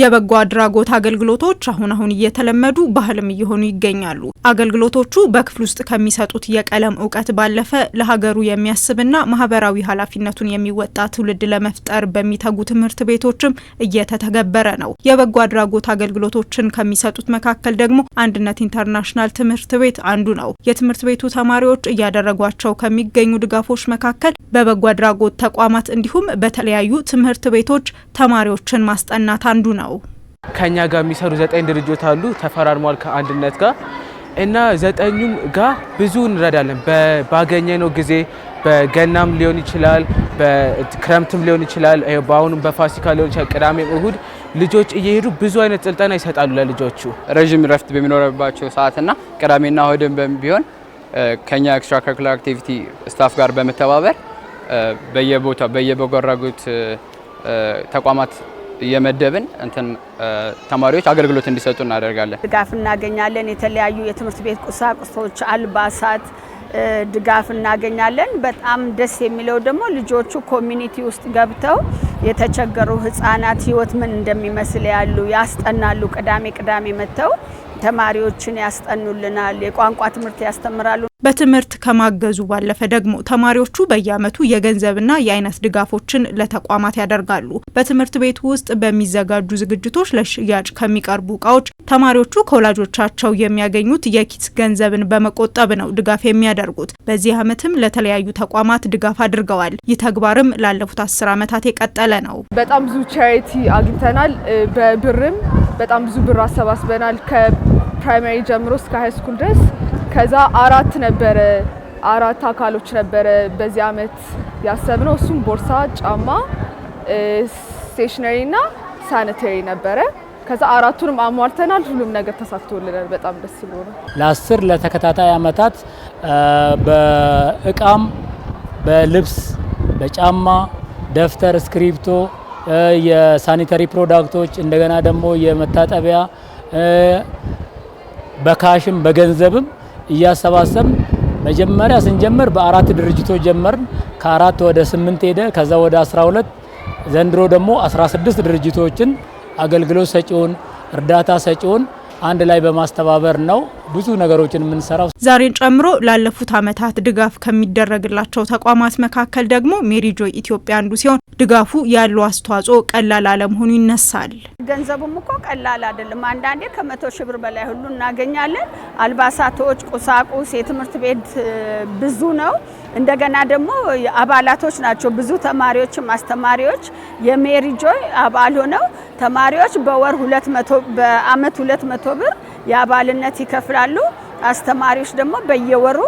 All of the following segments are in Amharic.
የበጎ አድራጎት አገልግሎቶች አሁን አሁን እየተለመዱ ባህልም እየሆኑ ይገኛሉ። አገልግሎቶቹ በክፍል ውስጥ ከሚሰጡት የቀለም እውቀት ባለፈ ለሀገሩ የሚያስብና ማህበራዊ ኃላፊነቱን የሚወጣ ትውልድ ለመፍጠር በሚተጉ ትምህርት ቤቶችም እየተተገበረ ነው። የበጎ አድራጎት አገልግሎቶችን ከሚሰጡት መካከል ደግሞ አንድነት ኢንተርናሽናል ትምህርት ቤት አንዱ ነው። የትምህርት ቤቱ ተማሪዎች እያደረጓቸው ከሚገኙ ድጋፎች መካከል በበጎ አድራጎት ተቋማት እንዲሁም በተለያዩ ትምህርት ቤቶች ተማሪዎችን ማስጠናት አንዱ ነው። ነው። ከኛ ጋር የሚሰሩ ዘጠኝ ድርጅቶች አሉ ተፈራርሟል ከአንድነት ጋር እና ዘጠኙም ጋር ብዙ እንረዳለን። ባገኘነው ጊዜ በገናም ሊሆን ይችላል፣ በክረምትም ሊሆን ይችላል፣ በአሁኑም በፋሲካ ሊሆን ይችላል። ቅዳሜ እሁድ ልጆች እየሄዱ ብዙ አይነት ስልጠና ይሰጣሉ ለልጆቹ ረዥም ረፍት በሚኖረባቸው ሰዓትና ቅዳሜና እሁድም ቢሆን ከኛ ኤክስትራ ከሪኩላር አክቲቪቲ ስታፍ ጋር በመተባበር በየቦታ በየበጎ አድራጎት ተቋማት እየመደብን እንትን ተማሪዎች አገልግሎት እንዲሰጡ እናደርጋለን። ድጋፍ እናገኛለን። የተለያዩ የትምህርት ቤት ቁሳቁሶች፣ አልባሳት ድጋፍ እናገኛለን። በጣም ደስ የሚለው ደግሞ ልጆቹ ኮሚኒቲ ውስጥ ገብተው የተቸገሩ ህጻናት ህይወት ምን እንደሚመስል ያሉ ያስጠናሉ። ቅዳሜ ቅዳሜ መጥተው ተማሪዎችን ያስጠኑልናል፣ የቋንቋ ትምህርት ያስተምራሉ። በትምህርት ከማገዙ ባለፈ ደግሞ ተማሪዎቹ በየዓመቱ የገንዘብና የአይነት ድጋፎችን ለተቋማት ያደርጋሉ። በትምህርት ቤቱ ውስጥ በሚዘጋጁ ዝግጅቶች ለሽያጭ ከሚቀርቡ እቃዎች ተማሪዎቹ ከወላጆቻቸው የሚያገኙት የኪስ ገንዘብን በመቆጠብ ነው ድጋፍ የሚያደርጉት። በዚህ ዓመትም ለተለያዩ ተቋማት ድጋፍ አድርገዋል። ይህ ተግባርም ላለፉት አስር ዓመታት የቀጠለ ነው። በጣም ብዙ ቻሪቲ አግኝተናል። በብርም በጣም ብዙ ብር አሰባስበናል ከፕራይማሪ ጀምሮ እስከ ሃይስኩል ድረስ። ከዛ አራት ነበረ አራት አካሎች ነበረ በዚህ ዓመት ያሰብነው። እሱም ቦርሳ፣ ጫማ፣ ስቴሽነሪ እና ሳኒተሪ ነበረ። ከዛ አራቱንም አሟልተናል። ሁሉም ነገር ተሳክቶልናል። በጣም ደስ ነው። ለአስር ለተከታታይ አመታት በእቃም፣ በልብስ፣ በጫማ፣ ደብተር፣ እስክሪብቶ፣ የሳኒተሪ ፕሮዳክቶች እንደገና ደግሞ የመታጠቢያ በካሽም በገንዘብም እያሰባሰብን መጀመሪያ ስንጀምር በአራት ድርጅቶች ጀመርን። ከአራት ወደ ስምንት ሄደ። ከዛ ወደ 12 ዘንድሮ ደግሞ 16 ድርጅቶችን አገልግሎት ሰጪውን፣ እርዳታ ሰጪውን አንድ ላይ በማስተባበር ነው ብዙ ነገሮችን የምንሰራው። ዛሬን ጨምሮ ላለፉት ዓመታት ድጋፍ ከሚደረግላቸው ተቋማት መካከል ደግሞ ሜሪጆ ኢትዮጵያ አንዱ ሲሆን ድጋፉ ያለው አስተዋጽኦ ቀላል አለመሆኑ ይነሳል። ገንዘቡም እኮ ቀላል አይደለም። አንዳንዴ ከመቶ ሺህ ብር በላይ ሁሉ እናገኛለን። አልባሳቶች፣ ቁሳቁስ፣ የትምህርት ቤት ብዙ ነው። እንደገና ደግሞ አባላቶች ናቸው ብዙ ተማሪዎችም አስተማሪዎች የሜሪጆይ አባል ሆነው ተማሪዎች በወር 200 በአመት 200 ብር የአባልነት ይከፍላሉ። አስተማሪዎች ደግሞ በየወሩ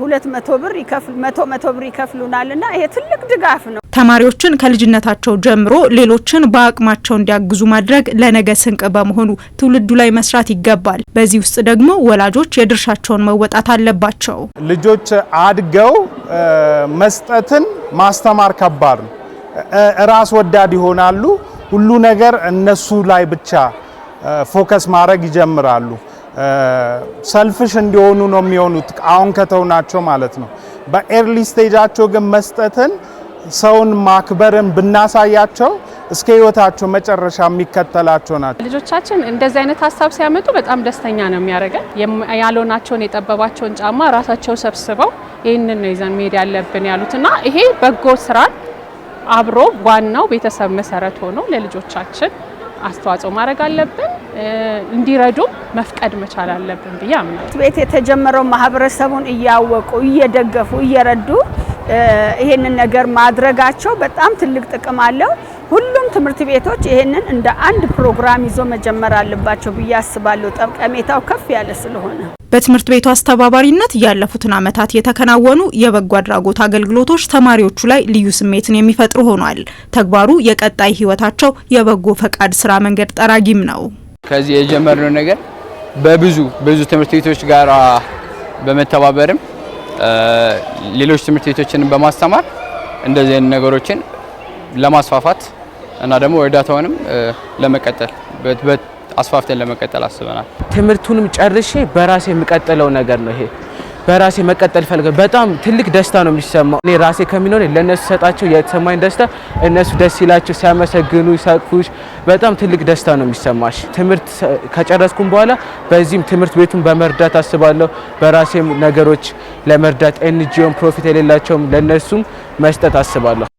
ሁለት መቶ ብር ይከፍል መቶ መቶ ብር ይከፍሉናልና ይሄ ትልቅ ድጋፍ ነው። ተማሪዎችን ከልጅነታቸው ጀምሮ ሌሎችን በአቅማቸው እንዲያግዙ ማድረግ ለነገ ስንቅ በመሆኑ ትውልዱ ላይ መስራት ይገባል። በዚህ ውስጥ ደግሞ ወላጆች የድርሻቸውን መወጣት አለባቸው። ልጆች አድገው መስጠትን ማስተማር ከባድ ነው። ራስ ወዳድ ይሆናሉ። ሁሉ ነገር እነሱ ላይ ብቻ ፎከስ ማድረግ ይጀምራሉ። ሰልፍሽ እንዲሆኑ ነው የሚሆኑት አሁን ከተውናቸው ማለት ነው። በኤርሊ ስቴጃቸው ግን መስጠትን፣ ሰውን ማክበርን ብናሳያቸው እስከ ህይወታቸው መጨረሻ የሚከተላቸው ናቸው። ልጆቻችን እንደዚህ አይነት ሀሳብ ሲያመጡ በጣም ደስተኛ ነው የሚያደርገን። ያልሆናቸውን የጠበባቸውን ጫማ ራሳቸው ሰብስበው ይህንን ነው ይዘን መሄድ ያለብን ያሉት እና ይሄ በጎ ስራን አብሮ ዋናው ቤተሰብ መሰረት ሆኖ ለልጆቻችን አስተዋጽኦ ማድረግ አለብን። እንዲረዱ መፍቀድ መቻል አለብን ብዬ አምናለሁ። ቤት የተጀመረው ማህበረሰቡን እያወቁ እየደገፉ እየረዱ ይሄንን ነገር ማድረጋቸው በጣም ትልቅ ጥቅም አለው። ሁሉም ትምህርት ቤቶች ይሄንን እንደ አንድ ፕሮግራም ይዞ መጀመር አለባቸው ብዬ አስባለሁ። ጠቀሜታው ከፍ ያለ ስለሆነ በትምህርት ቤቱ አስተባባሪነት ያለፉትን ዓመታት የተከናወኑ የበጎ አድራጎት አገልግሎቶች ተማሪዎቹ ላይ ልዩ ስሜትን የሚፈጥሩ ሆኗል። ተግባሩ የቀጣይ ህይወታቸው የበጎ ፈቃድ ስራ መንገድ ጠራጊም ነው። ከዚህ የጀመርነው ነገር በብዙ ብዙ ትምህርት ቤቶች ጋር በመተባበርም ሌሎች ትምህርት ቤቶችን በማስተማር እንደዚህ አይነት ነገሮችን ለማስፋፋት እና ደግሞ እርዳታውንም ለመቀጠል አስፋፍተን ለመቀጠል አስበናል። ትምህርቱንም ጨርሼ በራሴ የምቀጥለው ነገር ነው ይሄ በራሴ መቀጠል ፈልገ በጣም ትልቅ ደስታ ነው የሚሰማው። እኔ ራሴ ከሚኖር ለእነሱ ሰጣቸው የተሰማኝ ደስታ እነሱ ደስ ይላቸው ሲያመሰግኑ ሲያቅፉሽ በጣም ትልቅ ደስታ ነው የሚሰማሽ። ትምህርት ከጨረስኩም በኋላ በዚህም ትምህርት ቤቱን በመርዳት አስባለሁ። በራሴም ነገሮች ለመርዳት ኤንጂኦም ፕሮፊት የሌላቸውም ለእነሱም መስጠት አስባለሁ።